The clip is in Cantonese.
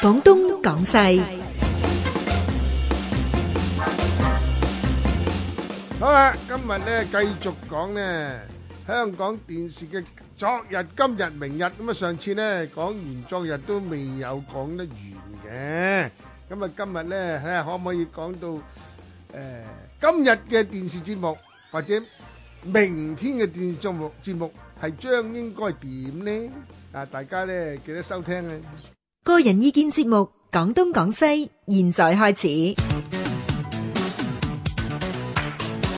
廣東講晒，好啦，今日咧繼續講咧香港電視嘅昨日、今日、明日咁啊！上次咧講完昨日都未有講得完嘅，咁啊今日咧睇下可唔可以講到誒今日嘅電視節目或者明天嘅電視節目節目係將應該點咧啊！大家咧記得收聽啊！個人意見節目《講東講西》，現在開始。